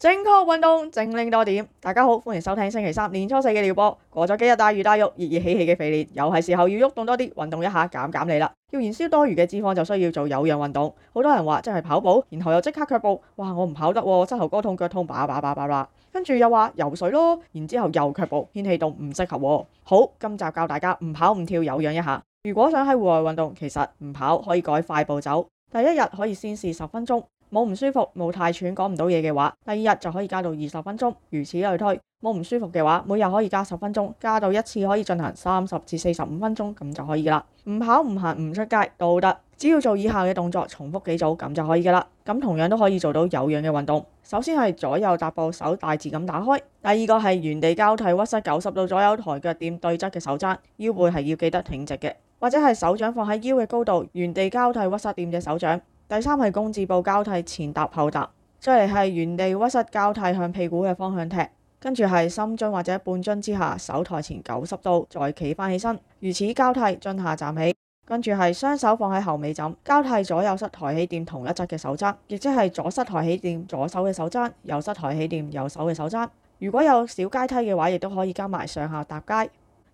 正確運動正令多點，大家好，歡迎收聽星期三年初四嘅療播。過咗幾日大魚大肉，熱熱氣氣嘅肥年，又係時候要喐動多啲，運動一下減減膩啦。要燃燒多餘嘅脂肪，就需要做有氧運動。好多人話即係跑步，然後又即刻卻步。哇，我唔跑得、喎，膝頭哥痛，腳痛，把把把把啦。跟住又話游水咯，然之後又卻步，天氣凍唔適合、喎。好，今集教大家唔跑唔跳，有氧一下。如果想喺戶外運動，其實唔跑可以改快步走。第一日可以先試十分鐘。冇唔舒服、冇太喘、講唔到嘢嘅話，第二日就可以加到二十分鐘，如此類推。冇唔舒服嘅話，每日可以加十分鐘，加到一次可以進行三十至四十五分鐘，咁就可以噶啦。唔跑唔行唔出街都得，只要做以下嘅動作，重複幾組咁就可以噶啦。咁同樣都可以做到有氧嘅運動。首先係左右踏步，手大字咁打開。第二個係原地交替屈膝九十度左右，抬腳踮對側嘅手踭，腰背係要記得挺直嘅，或者係手掌放喺腰嘅高度，原地交替屈膝踮隻手掌。第三係弓字步交替前踏後踏，再嚟係原地屈膝交替向屁股嘅方向踢，跟住係深蹲或者半蹲之下，手抬前九十度再企翻起身，如此交替進下站起，跟住係雙手放喺後尾枕，交替左右膝抬起掂同一側嘅手踭，亦即係左膝抬起掂左手嘅手踭，右膝抬起掂右手嘅手踭。如果有小階梯嘅話，亦都可以加埋上下搭階。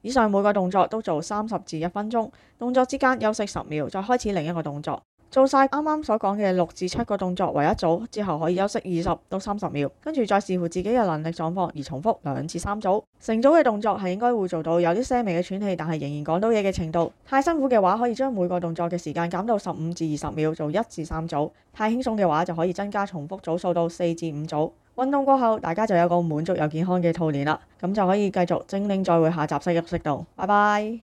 以上每個動作都做三十至一分鐘，動作之間休息十秒，再開始另一個動作。做晒啱啱所講嘅六至七個動作為一組，之後可以休息二十到三十秒，跟住再視乎自己嘅能力狀況而重複兩至三組。成組嘅動作係應該會做到有啲些微嘅喘氣，但係仍然講到嘢嘅程度。太辛苦嘅話，可以將每個動作嘅時間減到十五至二十秒，做一至三組。太輕鬆嘅話，就可以增加重複組數到四至五組。運動過後，大家就有個滿足又健康嘅兔年啦。咁就可以繼續精靈，再會下集西入息度，拜拜。